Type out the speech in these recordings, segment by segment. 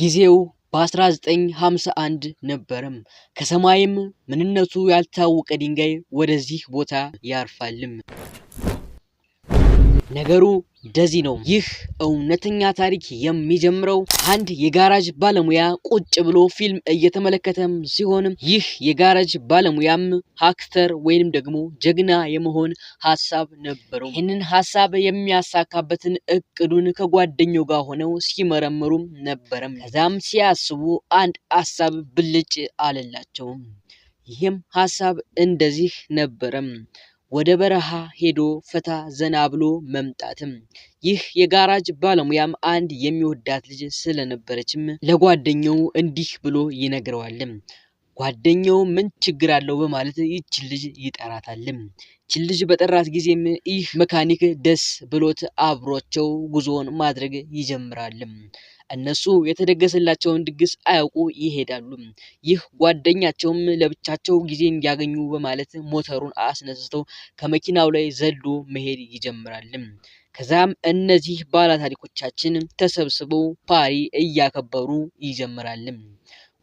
ጊዜው በ1951 ነበረም። ከሰማይም ምንነቱ ያልታወቀ ድንጋይ ወደዚህ ቦታ ያርፋልም። ነገሩ እንደዚህ ነው። ይህ እውነተኛ ታሪክ የሚጀምረው አንድ የጋራጅ ባለሙያ ቁጭ ብሎ ፊልም እየተመለከተም ሲሆንም ይህ የጋራጅ ባለሙያም ሀክተር ወይንም ደግሞ ጀግና የመሆን ሀሳብ ነበረው። ይህንን ሀሳብ የሚያሳካበትን እቅዱን ከጓደኛው ጋር ሆነው ሲመረምሩም ነበረም። ከዛም ሲያስቡ አንድ ሀሳብ ብልጭ አለላቸውም። ይህም ሀሳብ እንደዚህ ነበረም ወደ በረሃ ሄዶ ፈታ ዘና ብሎ መምጣትም ይህ የጋራጅ ባለሙያም አንድ የሚወዳት ልጅ ስለነበረችም ለጓደኛው እንዲህ ብሎ ይነግረዋልም። ጓደኛው ምን ችግር አለው በማለት ይች ልጅ ይጠራታልም። ይች ልጅ በጠራት ጊዜም ይህ መካኒክ ደስ ብሎት አብሯቸው ጉዞውን ማድረግ ይጀምራልም። እነሱ የተደገሰላቸውን ድግስ አያውቁ ይሄዳሉ። ይህ ጓደኛቸውም ለብቻቸው ጊዜ እንዲያገኙ በማለት ሞተሩን አስነስተው ከመኪናው ላይ ዘሎ መሄድ ይጀምራል። ከዛም እነዚህ ባለታሪኮቻችን ተሰብስበው ፓሪ እያከበሩ ይጀምራል።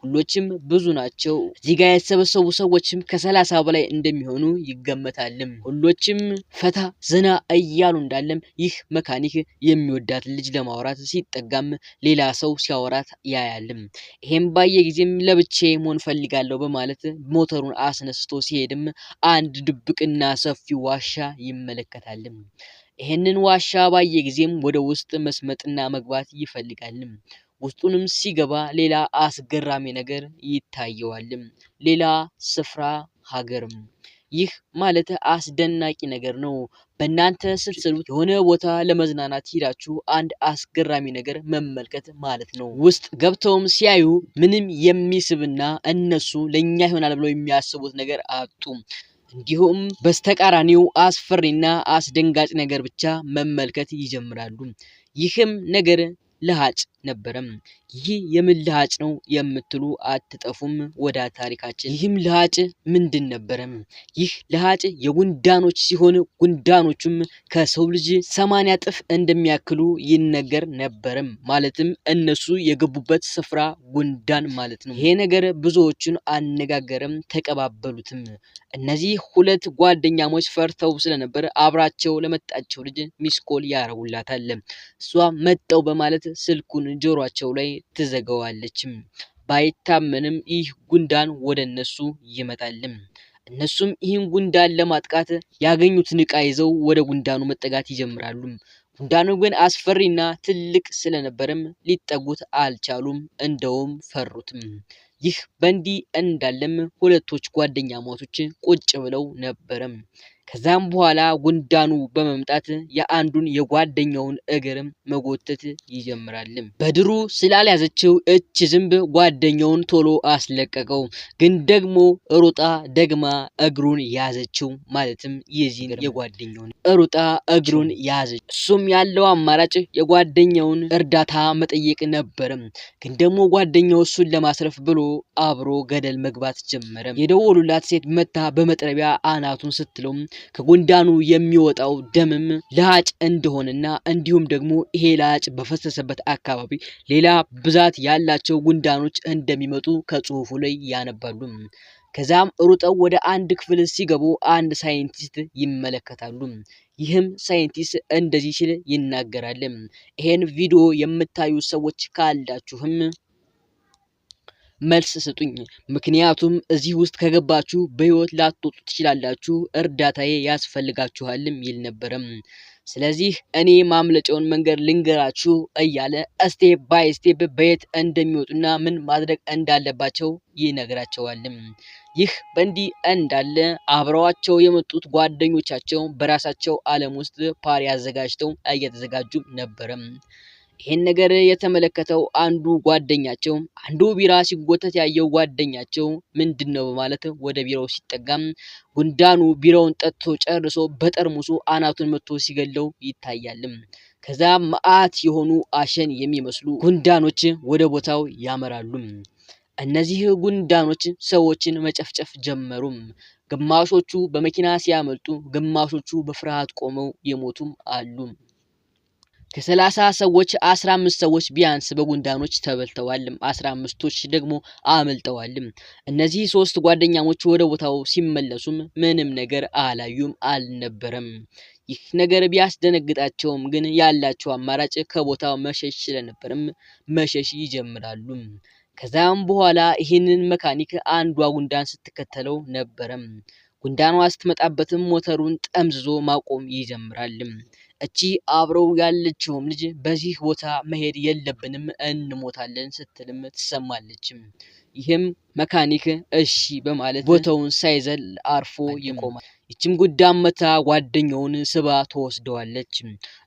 ሁሎችም ብዙ ናቸው። እዚህ ጋር የተሰበሰቡ ሰዎችም ከሰላሳ በላይ እንደሚሆኑ ይገመታልም። ሁሎችም ፈታ ዘና እያሉ እንዳለም ይህ መካኒክ የሚወዳት ልጅ ለማውራት ሲጠጋም ሌላ ሰው ሲያወራት ያያልም። ይሄም ባየ ጊዜም ለብቼ መሆን ፈልጋለሁ በማለት ሞተሩን አስነስቶ ሲሄድም አንድ ድብቅና ሰፊ ዋሻ ይመለከታልም። ይህንን ዋሻ ባየ ጊዜም ወደ ውስጥ መስመጥና መግባት ይፈልጋልም። ውስጡንም ሲገባ ሌላ አስገራሚ ነገር ይታየዋልም። ሌላ ስፍራ ሀገርም ይህ ማለት አስደናቂ ነገር ነው። በእናንተ ስትሰሩት የሆነ ቦታ ለመዝናናት ሂዳችሁ አንድ አስገራሚ ነገር መመልከት ማለት ነው። ውስጥ ገብተውም ሲያዩ ምንም የሚስብና እነሱ ለእኛ ይሆናል ብለው የሚያስቡት ነገር አጡ። እንዲሁም በስተቃራኒው አስፈሪና አስደንጋጭ ነገር ብቻ መመልከት ይጀምራሉ። ይህም ነገር ለሃጭ ነበረም ይህ የምን ልሃጭ ነው የምትሉ አትጠፉም። ወደ ታሪካችን ይህም ልሃጭ ምንድን ነበረም? ይህ ልሃጭ የጉንዳኖች ሲሆን ጉንዳኖቹም ከሰው ልጅ ሰማንያ ጥፍ እንደሚያክሉ ይነገር ነበርም። ማለትም እነሱ የገቡበት ስፍራ ጉንዳን ማለት ነው። ይሄ ነገር ብዙዎቹን አነጋገርም ተቀባበሉትም። እነዚህ ሁለት ጓደኛሞች ፈርተው ስለነበር አብራቸው ለመጣቸው ልጅ ሚስኮል ያረጉላታል። እሷ መጠው በማለት ስልኩን ጆሯቸው ላይ ትዘጋዋለችም። ባይታመንም ይህ ጉንዳን ወደ እነሱ ይመጣልም። እነሱም ይህን ጉንዳን ለማጥቃት ያገኙትን ዕቃ ይዘው ወደ ጉንዳኑ መጠጋት ይጀምራሉ። ጉንዳኑ ግን አስፈሪና ትልቅ ስለነበረም ሊጠጉት አልቻሉም፣ እንደውም ፈሩትም። ይህ በእንዲህ እንዳለም ሁለቶች ጓደኛማቾች ቁጭ ብለው ነበረም። ከዛም በኋላ ጉንዳኑ በመምጣት የአንዱን የጓደኛውን እግርም መጎተት ይጀምራል። በድሩ ስላልያዘችው እች ዝንብ ጓደኛውን ቶሎ አስለቀቀው። ግን ደግሞ ሩጣ ደግማ እግሩን ያዘችው። ማለትም የዚህ የጓደኛውን ሩጣ እግሩን ያዘች። እሱም ያለው አማራጭ የጓደኛውን እርዳታ መጠየቅ ነበርም። ግን ደግሞ ጓደኛው እሱን ለማስረፍ ብሎ አብሮ ገደል መግባት ጀመረ። የደወሉላት ሴት መታ በመጥረቢያ አናቱን ስትለውም ከጎንዳኑ የሚወጣው ደምም ላጭ እንደሆነና እንዲሁም ደግሞ ይሄ ላጭ በፈሰሰበት አካባቢ ሌላ ብዛት ያላቸው ጉንዳኖች እንደሚመጡ ከጽሁፉ ላይ ያነባሉ። ከዛም ሩጠው ወደ አንድ ክፍል ሲገቡ አንድ ሳይንቲስት ይመለከታሉ። ይህም ሳይንቲስት እንደዚህ ሲል ይናገራል። ይሄን ቪዲዮ የምታዩ ሰዎች ካላችሁም መልስ ስጡኝ። ምክንያቱም እዚህ ውስጥ ከገባችሁ በህይወት ላትወጡ ትችላላችሁ፣ እርዳታዬ ያስፈልጋችኋልም ይል ነበረም። ስለዚህ እኔ ማምለጫውን መንገድ ልንገራችሁ እያለ ስቴፕ ባይ ስቴፕ በየት እንደሚወጡና ምን ማድረግ እንዳለባቸው ይነግራቸዋልም። ይህ በእንዲህ እንዳለ አብረዋቸው የመጡት ጓደኞቻቸው በራሳቸው ዓለም ውስጥ ፓሪ አዘጋጅተው እየተዘጋጁ ነበረም። ይህን ነገር የተመለከተው አንዱ ጓደኛቸው አንዱ ቢራ ሲጎተት ያየው ጓደኛቸው ምንድን ነው በማለት ወደ ቢራው ሲጠጋም ጉንዳኑ ቢራውን ጠጥቶ ጨርሶ በጠርሙሱ አናቱን መቶ ሲገለው ይታያልም። ከዛ መዓት የሆኑ አሸን የሚመስሉ ጉንዳኖች ወደ ቦታው ያመራሉ። እነዚህ ጉንዳኖች ሰዎችን መጨፍጨፍ ጀመሩም። ግማሾቹ በመኪና ሲያመልጡ፣ ግማሾቹ በፍርሃት ቆመው የሞቱም አሉ። ከሰላሳ ሰዎች አስራ አምስት ሰዎች ቢያንስ በጉንዳኖች ተበልተዋልም፣ አስራ አምስቶች ደግሞ አመልጠዋልም። እነዚህ ሶስት ጓደኛሞች ወደ ቦታው ሲመለሱም ምንም ነገር አላዩም አልነበረም። ይህ ነገር ቢያስደነግጣቸውም ግን ያላቸው አማራጭ ከቦታው መሸሽ ስለነበርም መሸሽ ይጀምራሉ። ከዛም በኋላ ይህንን መካኒክ አንዷ ጉንዳን ስትከተለው ነበረም። ጉንዳኗ ስትመጣበትም ሞተሩን ጠምዝዞ ማቆም ይጀምራል። እቺ አብረው ያለችውም ልጅ በዚህ ቦታ መሄድ የለብንም እንሞታለን ስትልም ትሰማለችም። ይህም መካኒክ እሺ በማለት ቦታውን ሳይዘል አርፎ ይቆማል። ይችም ጉዳመታ ጓደኛውን ስባ ተወስደዋለች።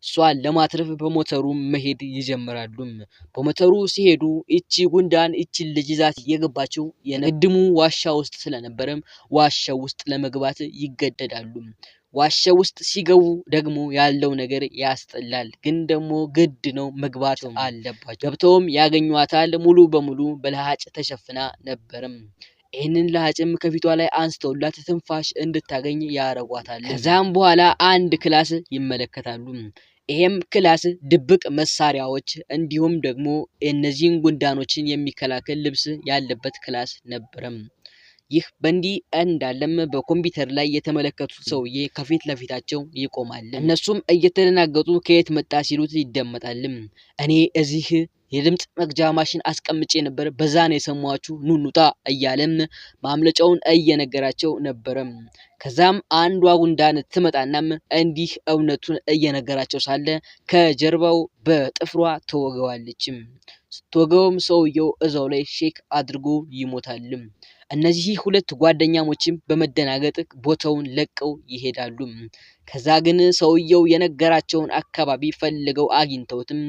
እሷን ለማትረፍ በሞተሩ መሄድ ይጀምራሉ። በሞተሩ ሲሄዱ እቺ ጉንዳን እችን ልጅ ይዛት የገባችው የነድሙ ዋሻ ውስጥ ስለነበረም ዋሻ ውስጥ ለመግባት ይገደዳሉ። ዋሻው ውስጥ ሲገቡ ደግሞ ያለው ነገር ያስጠላል። ግን ደግሞ ግድ ነው መግባት አለባቸው። ገብተውም ያገኟታል። ሙሉ በሙሉ በለሃጭ ተሸፍና ነበርም። ይህንን ለሃጭም ከፊቷ ላይ አንስተውላት ትንፋሽ እንድታገኝ ያረጓታል። ከዛም በኋላ አንድ ክላስ ይመለከታሉ። ይሄም ክላስ ድብቅ መሳሪያዎች እንዲሁም ደግሞ እነዚህን ጉንዳኖችን የሚከላከል ልብስ ያለበት ክላስ ነበረም። ይህ በእንዲህ እንዳለም በኮምፒውተር ላይ የተመለከቱት ሰውዬ ከፊት ለፊታቸው ይቆማል። እነሱም እየተደናገጡ ከየት መጣ ሲሉት ይደመጣልም። እኔ እዚህ የድምፅ መግጃ ማሽን አስቀምጬ ነበር፣ በዛ ነው የሰማችሁ፣ ኑኑጣ እያለም ማምለጫውን እየነገራቸው ነበረም። ከዛም አንዷ ጉንዳን ትመጣናም እንዲህ እውነቱን እየነገራቸው ሳለ ከጀርባው በጥፍሯ ተወገዋለችም። ስትወገውም ሰውየው እዛው ላይ ሼክ አድርጎ ይሞታልም። እነዚህ ሁለት ጓደኛሞችም በመደናገጥ ቦታውን ለቀው ይሄዳሉ። ከዛ ግን ሰውየው የነገራቸውን አካባቢ ፈልገው አግኝተውትም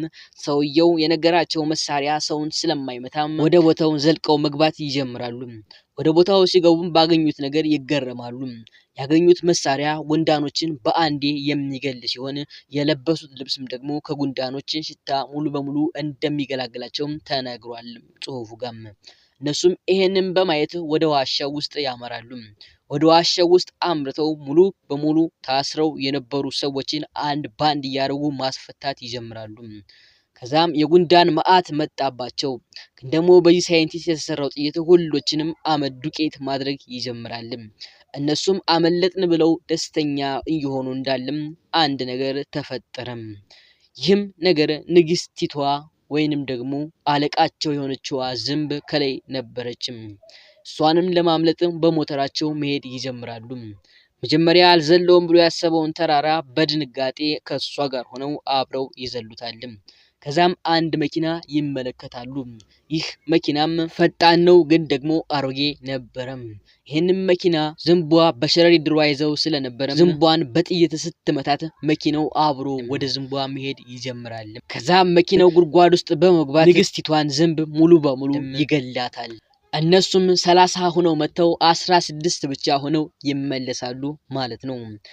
ሰውየው የነገራቸው መሳሪያ ሰውን ስለማይመታም ወደ ቦታው ዘልቀው መግባት ይጀምራሉ። ወደ ቦታው ሲገቡም ባገኙት ነገር ይገረማሉ። ያገኙት መሳሪያ ጉንዳኖችን በአንዴ የሚገል ሲሆን የለበሱት ልብስም ደግሞ ከጉንዳኖች ሽታ ሙሉ በሙሉ እንደሚገላግላቸውም ተነግሯል ጽሁፉ ጋም እነሱም ይሄንን በማየት ወደ ዋሻው ውስጥ ያመራሉ። ወደ ዋሻው ውስጥ አምርተው ሙሉ በሙሉ ታስረው የነበሩ ሰዎችን አንድ ባንድ እያደረጉ ማስፈታት ይጀምራሉ። ከዛም የጉንዳን መዓት መጣባቸው። ግን ደግሞ በዚህ ሳይንቲስት የተሰራው ጥይት ሁሎችንም አመድ ዱቄት ማድረግ ይጀምራል። እነሱም አመለጥን ብለው ደስተኛ እየሆኑ እንዳለም አንድ ነገር ተፈጠረም። ይህም ነገር ንግስቲቷ ወይንም ደግሞ አለቃቸው የሆነችዋ ዝንብ ከላይ ነበረችም። እሷንም ለማምለጥም በሞተራቸው መሄድ ይጀምራሉ። መጀመሪያ አልዘለውም ብሎ ያሰበውን ተራራ በድንጋጤ ከእሷ ጋር ሆነው አብረው ይዘሉታልም። ከዛም አንድ መኪና ይመለከታሉ። ይህ መኪናም ፈጣን ነው፣ ግን ደግሞ አሮጌ ነበረም። ይህንም መኪና ዝንቧ በሸረሪ ድሯ ይዘው ስለነበረ ዝንቧን በጥይት ስትመታት መኪናው አብሮ ወደ ዝንቧ መሄድ ይጀምራል። ከዛም መኪናው ጉድጓድ ውስጥ በመግባት ንግስቲቷን ዝንብ ሙሉ በሙሉ ይገላታል። እነሱም ሰላሳ ሆነው መጥተው አስራ ስድስት ብቻ ሆነው ይመለሳሉ ማለት ነው።